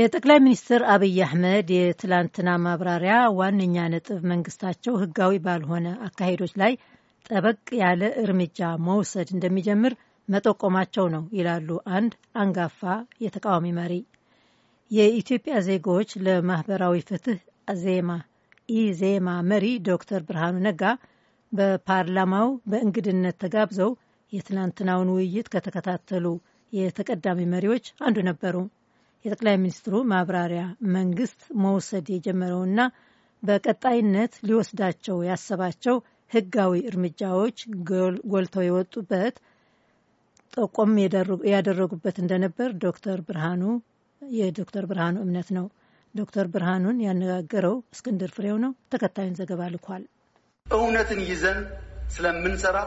የጠቅላይ ሚኒስትር አብይ አህመድ የትላንትና ማብራሪያ ዋነኛ ነጥብ መንግስታቸው ህጋዊ ባልሆነ አካሄዶች ላይ ጠበቅ ያለ እርምጃ መውሰድ እንደሚጀምር መጠቆማቸው ነው ይላሉ አንድ አንጋፋ የተቃዋሚ መሪ። የኢትዮጵያ ዜጎች ለማህበራዊ ፍትህ ዜማ ኢዜማ መሪ ዶክተር ብርሃኑ ነጋ በፓርላማው በእንግድነት ተጋብዘው የትላንትናውን ውይይት ከተከታተሉ የተቀዳሚ መሪዎች አንዱ ነበሩ። የጠቅላይ ሚኒስትሩ ማብራሪያ መንግስት መውሰድ የጀመረውና በቀጣይነት ሊወስዳቸው ያሰባቸው ህጋዊ እርምጃዎች ጎልተው የወጡበት ጠቆም ያደረጉበት እንደነበር ዶክተር ብርሃኑ የዶክተር ብርሃኑ እምነት ነው። ዶክተር ብርሃኑን ያነጋገረው እስክንድር ፍሬው ነው። ተከታዩን ዘገባ ልኳል። እውነትን ይዘን ስለምንሰራ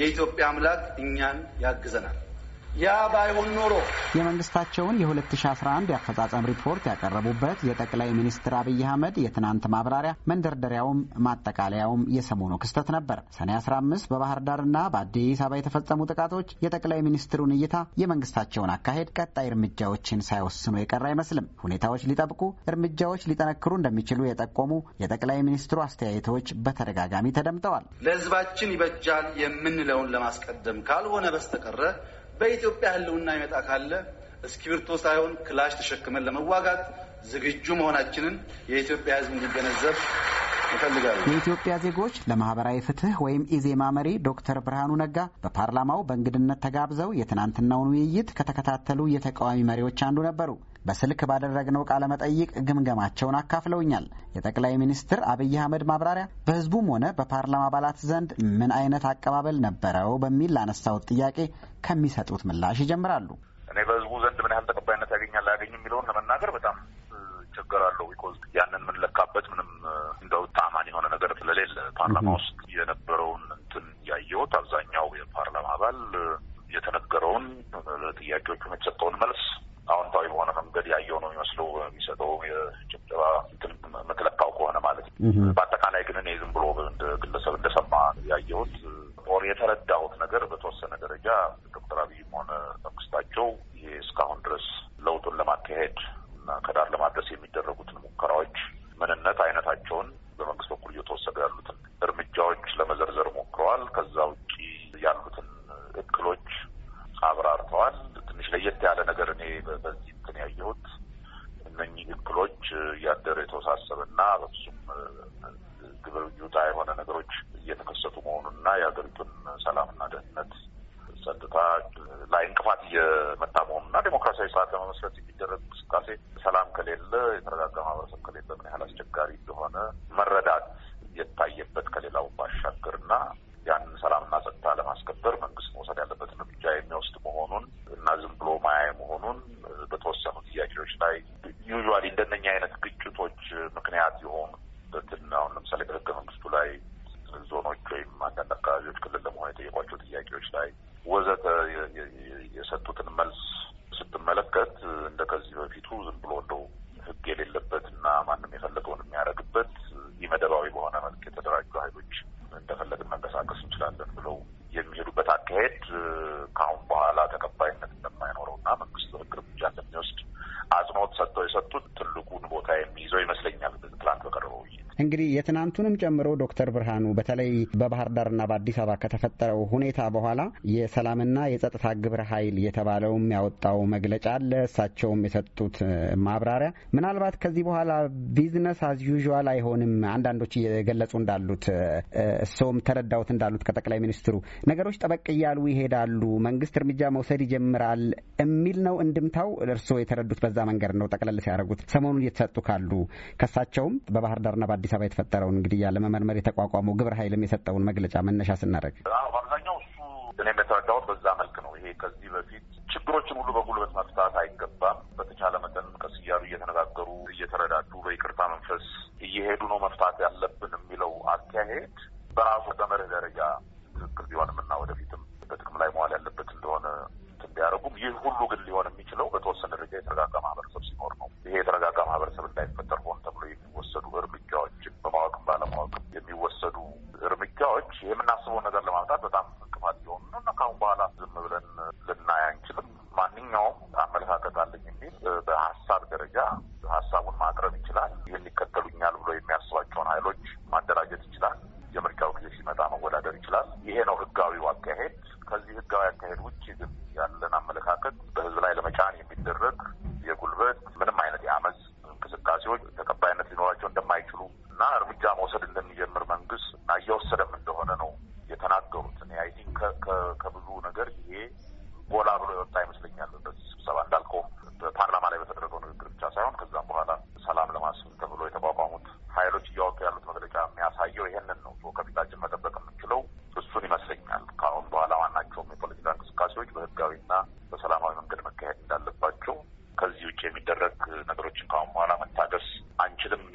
የኢትዮጵያ አምላክ እኛን ያግዘናል። ያ ባይሆን ኖሮ የመንግስታቸውን የ2011 የአፈጻጸም ሪፖርት ያቀረቡበት የጠቅላይ ሚኒስትር አብይ አህመድ የትናንት ማብራሪያ መንደርደሪያውም ማጠቃለያውም የሰሞኑ ክስተት ነበር። ሰኔ 15 በባህር ዳርና በአዲስ አበባ የተፈጸሙ ጥቃቶች የጠቅላይ ሚኒስትሩን እይታ፣ የመንግስታቸውን አካሄድ፣ ቀጣይ እርምጃዎችን ሳይወስኑ የቀረ አይመስልም። ሁኔታዎች ሊጠብቁ እርምጃዎች ሊጠነክሩ እንደሚችሉ የጠቆሙ የጠቅላይ ሚኒስትሩ አስተያየቶች በተደጋጋሚ ተደምጠዋል። ለህዝባችን ይበጃል የምንለውን ለማስቀደም ካልሆነ በስተቀረ በኢትዮጵያ ህልውና ይመጣ ካለ እስክሪብቶ ሳይሆን ክላሽ ተሸክመን ለመዋጋት ዝግጁ መሆናችንን የኢትዮጵያ ህዝብ እንዲገነዘብ የኢትዮጵያ ዜጎች ለማህበራዊ ፍትህ ወይም ኢዜማ መሪ ዶክተር ብርሃኑ ነጋ በፓርላማው በእንግድነት ተጋብዘው የትናንትናውን ውይይት ከተከታተሉ የተቃዋሚ መሪዎች አንዱ ነበሩ። በስልክ ባደረግነው ቃለ መጠይቅ ግምገማቸውን አካፍለውኛል። የጠቅላይ ሚኒስትር አብይ አህመድ ማብራሪያ በህዝቡም ሆነ በፓርላማ አባላት ዘንድ ምን አይነት አቀባበል ነበረው በሚል ላነሳውት ጥያቄ ከሚሰጡት ምላሽ ይጀምራሉ። እኔ በህዝቡ ዘንድ ምን ያህል ተቀባይነት ያገኛል አያገኝም የሚለውን ለመናገር በጣም እቸገራለሁ። ቢኮዝ ያንን የምንለካበት ምንም እንደው ጣማን የሆነ ነገር ስለሌለ ፓርላማ ውስጥ የነበረውን እንትን ያየሁት አብዛኛው የፓርላማ አባል የተነገረውን ለጥያቄዎቹ የተሰጠውን መልስ አዎንታዊ በሆነ መንገድ ያየው ነው የሚመስለው የሚሰጠው የጭብጨባ መትለካው ከሆነ ማለት ነው። እና የሀገሪቱን ሰላምና ደህንነት ጸጥታ ላይ እንቅፋት እየመጣ መሆኑና ዴሞክራሲያዊ ስርዓት ለመመስረት የሚደረግ እንቅስቃሴ ሰላም ከሌለ የተረጋጋ ማህበረሰብ የትናንቱንም ጨምሮ ዶክተር ብርሃኑ በተለይ በባህር ዳርና በአዲስ አበባ ከተፈጠረው ሁኔታ በኋላ የሰላምና የጸጥታ ግብረ ኃይል የተባለውም ያወጣው መግለጫ አለ። እሳቸውም የሰጡት ማብራሪያ ምናልባት ከዚህ በኋላ ቢዝነስ አዝ ዩዥዋል አይሆንም፣ አንዳንዶች እየገለጹ እንዳሉት እሰውም ተረዳውት እንዳሉት ከጠቅላይ ሚኒስትሩ ነገሮች ጠበቅ እያሉ ይሄዳሉ፣ መንግስት እርምጃ መውሰድ ይጀምራል የሚል ነው እንድምታው። እርስዎ የተረዱት በዛ መንገድ ነው? ጠቅለል ሲያደርጉት ሰሞኑን እየተሰጡ ካሉ ከሳቸውም በባህር ዳርና በአዲስ አበባ የተፈጠረውን ግድያ ለመመርመር የተቋቋመው ግብረ ኃይልም የሰጠውን መግለጫ መነሻ ስናደርግ በአብዛኛው እሱ እኔ የተረዳሁት በዛ መልክ ነው። ይሄ ከዚህ በፊት ችግሮችን ሁሉ በጉልበት መፍታት አይገባም። በተቻለ መጠን ቀስ እያሉ እየተነጋገሩ፣ እየተረዳዱ፣ በይቅርታ መንፈስ እየሄዱ ነው መፍታት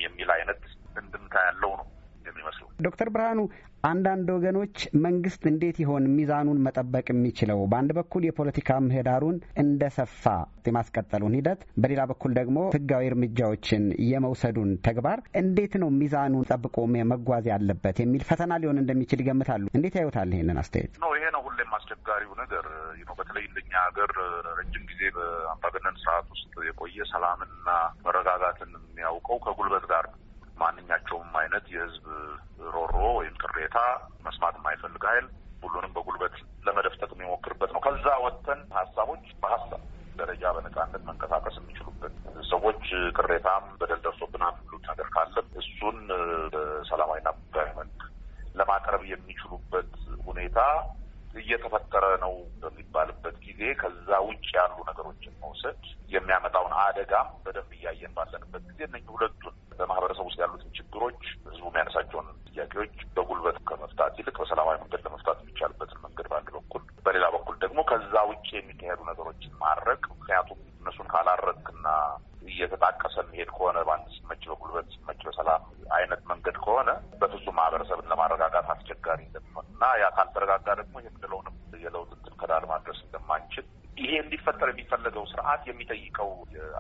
የሚል አይነት እንድምታ ያለው ነው የሚመስለው። ዶክተር ብርሃኑ አንዳንድ ወገኖች መንግስት እንዴት ይሆን ሚዛኑን መጠበቅ የሚችለው? በአንድ በኩል የፖለቲካ ምህዳሩን እንደ ሰፋ የማስቀጠሉን ሂደት፣ በሌላ በኩል ደግሞ ህጋዊ እርምጃዎችን የመውሰዱን ተግባር እንዴት ነው ሚዛኑን ጠብቆ መጓዝ ያለበት የሚል ፈተና ሊሆን እንደሚችል ይገምታሉ። እንዴት ያዩታል? ይህንን አስተያየት ነው ይሄ ነው አስቸጋሪው ነገር ነው። በተለይ እንደኛ ሀገር ረጅም ጊዜ በአምባገነን ስርዓት ውስጥ የቆየ ሰላምና መረጋጋትን የሚያውቀው ከጉልበት ጋር ነው። ማንኛቸውም አይነት የህዝብ ሮሮ ወይም ቅሬታ መስማት የማይፈልግ ሀይል ሁሉንም በጉልበት ለመደፍጠጥ የሚሞክርበት ነው። ከዛ ወጥተን ሀሳቦች በሀሳብ ደረጃ በነጻነት መንቀ አደጋም በደንብ እያየን ባለንበት ጊዜ እነ ሁለቱን በማህበረሰብ ውስጥ ያሉትን ችግሮች ህዝቡ የሚያነሳቸውን ጥያቄዎች በጉልበት ከመፍታት ይልቅ በሰላማዊ መንገድ ለመፍታት የሚቻልበትን መንገድ በአንድ በኩል፣ በሌላ በኩል ደግሞ ከዛ ውጭ የሚካሄዱ ነገሮችን ማድረግ ምክንያቱም እነሱን ካላረግክና እየተጣቀሰ የሚሄድ ከሆነ በአንድ ስመች በጉልበት ስመች በሰላም አይነት መንገድ ከሆነ በፍጹም ማህበረሰብን ለማረጋጋት አስቸጋሪ እንደሚሆን እና ያ ካልተረጋጋ ደግሞ የምንለውን እንዲፈጠር የሚፈለገው ስርዓት የሚጠይቀው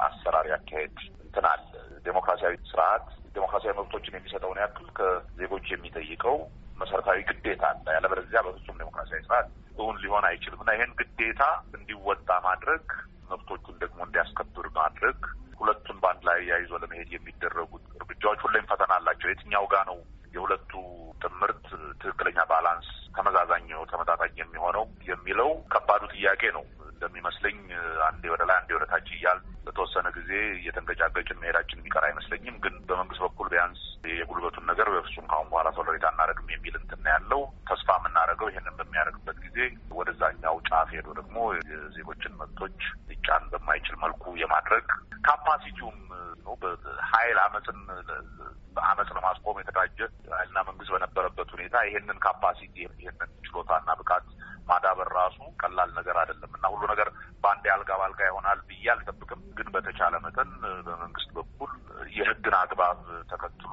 አሰራር ያካሄድ እንትን አለ። ዴሞክራሲያዊ ስርዓት ዴሞክራሲያዊ መብቶችን የሚሰጠውን ያክል ከዜጎች የሚጠይቀው መሰረታዊ ግዴታ አለ። ያለበለዚያ በፍጹም ዴሞክራሲያዊ ስርዓት እውን ሊሆን አይችልም እና ይህን ግዴታ እንዲወጣ ማድረግ፣ መብቶቹን ደግሞ እንዲያስከብር ማድረግ ሁለቱን በአንድ ላይ ያይዞ ለመሄድ የሚደረጉት እርምጃዎች ሁሌም ፈተና አላቸው። የትኛው ጋ ነው የሁለቱ ትምህርት ትክክለኛ ባላንስ ተመዛዛኝ ተመጣጣኝ የሚሆነው የሚለው ከባዱ ጥያቄ ነው። የሚመስለኝ አንዴ ወደ ላይ አንዴ ወደ ታች እያል በተወሰነ ጊዜ እየተንገጫገጭን መሄዳችን የሚቀር አይመስለኝም። ግን በመንግስት በኩል ቢያንስ የጉልበቱን ነገር በፍጹም ካሁን በኋላ ቶለሬት አናደርግም የሚል እንትን ያለው ተስፋ የምናደርገው ይህንን በሚያደርግበት ጊዜ ወደዛኛው ጫፍ ሄዶ ደግሞ የዜጎችን መብቶች ሊጫን በማይችል መልኩ የማድረግ ካፓሲቲውም ነው በሀይል አመፅን በአመፅ ለማስቆም የተደራጀ ሀይልና መንግስት በነበረበት ሁኔታ ይሄንን ካፓሲቲ ይሄንን ችሎታና ብቃት ማዳበር ራሱ ቀላል ነገር አይደለም። አግባብ ተከትሎ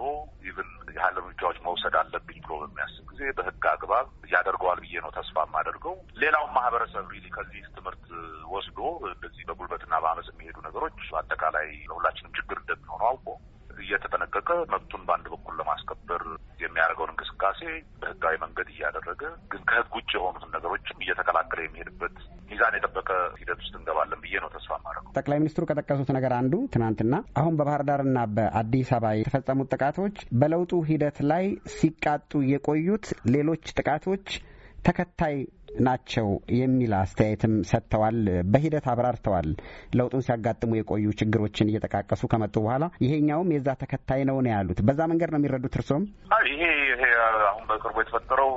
ኢቭን የሀይል እርምጃዎች መውሰድ አለብኝ ብሎ በሚያስብ ጊዜ በህግ አግባብ ያደርገዋል ብዬ ነው ተስፋ የማደርገው። ሌላውም ማህበረሰብ ሪሊ ከዚህ ትምህርት ወስዶ እንደዚህ በጉልበትና በአመፅ የሚሄዱ ነገሮች አጠቃላይ ለሁላችንም ችግር እንደሚሆኑ አውቆ እየተጠነቀቀ መብቱን በአንድ በኩል ለማስከበር የሚያደርገውን እንቅስቃሴ በህጋዊ መንገድ እያደረገ ግን ከህግ ውጭ የሆኑትን ነገሮችም እየተከላከለ የሚሄድበት ሚዛን የጠበቀ ሂደት ውስጥ እንገባ ብዬ ነው ተስፋ ማድረገው። ጠቅላይ ሚኒስትሩ ከጠቀሱት ነገር አንዱ ትናንትና አሁን በባህር ዳርና በአዲስ አበባ የተፈጸሙት ጥቃቶች በለውጡ ሂደት ላይ ሲቃጡ የቆዩት ሌሎች ጥቃቶች ተከታይ ናቸው የሚል አስተያየትም ሰጥተዋል። በሂደት አብራርተዋል። ለውጡን ሲያጋጥሙ የቆዩ ችግሮችን እየጠቃቀሱ ከመጡ በኋላ ይሄኛውም የዛ ተከታይ ነው ነው ያሉት። በዛ መንገድ ነው የሚረዱት እርስዎም? ይሄ ይሄ አሁን በቅርቡ የተፈጠረው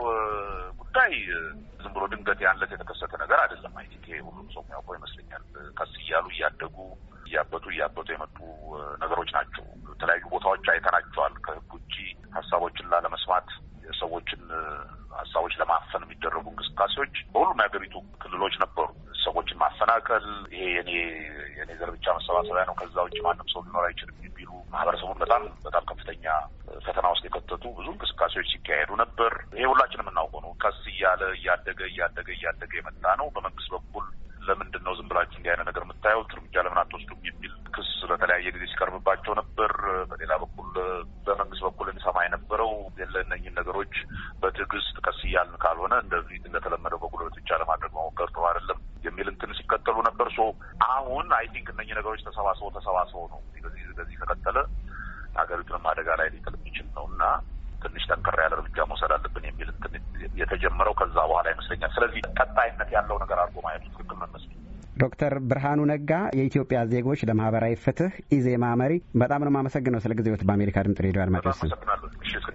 ጉዳይ ዝም ብሎ ድንገት ያለት የተከሰተ ነገር አይደለም። አይ ሁሉም ሰው የሚያውቀው ይመስለኛል። ቀስ እያሉ እያደጉ እያበጡ እያበጡ የመጡ ነገሮች ናቸው። የተለያዩ ቦታዎች አይተናቸዋል። ከህግ ውጭ ሀሳቦችን ላለመስማት የሰዎችን ሀሳቦች ለማፈን የሚደረጉ እንቅስቃሴዎች በሁሉም የሀገሪቱ ክልሎች ነበሩ። ሰዎችን ማፈናቀል፣ ይሄ የኔ የኔ ዘር ብቻ መሰባሰቢያ ነው፣ ከዛ ውጭ ማንም ሰው ሊኖር አይችልም የሚሉ ማህበረሰቡን በጣም በጣም ከፍተኛ ፈተና ውስጥ የከተቱ ብዙ እንቅስቃሴዎች ሲካሄዱ ነበር። ይሄ ሁላችን የምናውቀው ነው። ቀስ እያለ እያደገ እያደገ እያደገ የመጣ ነው። በመንግስት በኩል ለምንድን ነው ዝም ብላችሁ እንዲህ አይነት ነገር የምታየው እርምጃ ለምን አትወስዱም እና ትንሽ ጠንከር ያለ እርምጃ መውሰድ አለብን የሚል የተጀመረው ከዛ በኋላ ይመስለኛል። ስለዚህ ቀጣይነት ያለው ነገር አድርጎ ማየቱ ትክክል ነው ይመስለኛል። ዶክተር ብርሃኑ ነጋ የኢትዮጵያ ዜጎች ለማህበራዊ ፍትህ ኢዜማ መሪ፣ በጣም ነው የማመሰግነው ስለ ጊዜዎት በአሜሪካ ድምጽ ሬዲዮ አድማጮች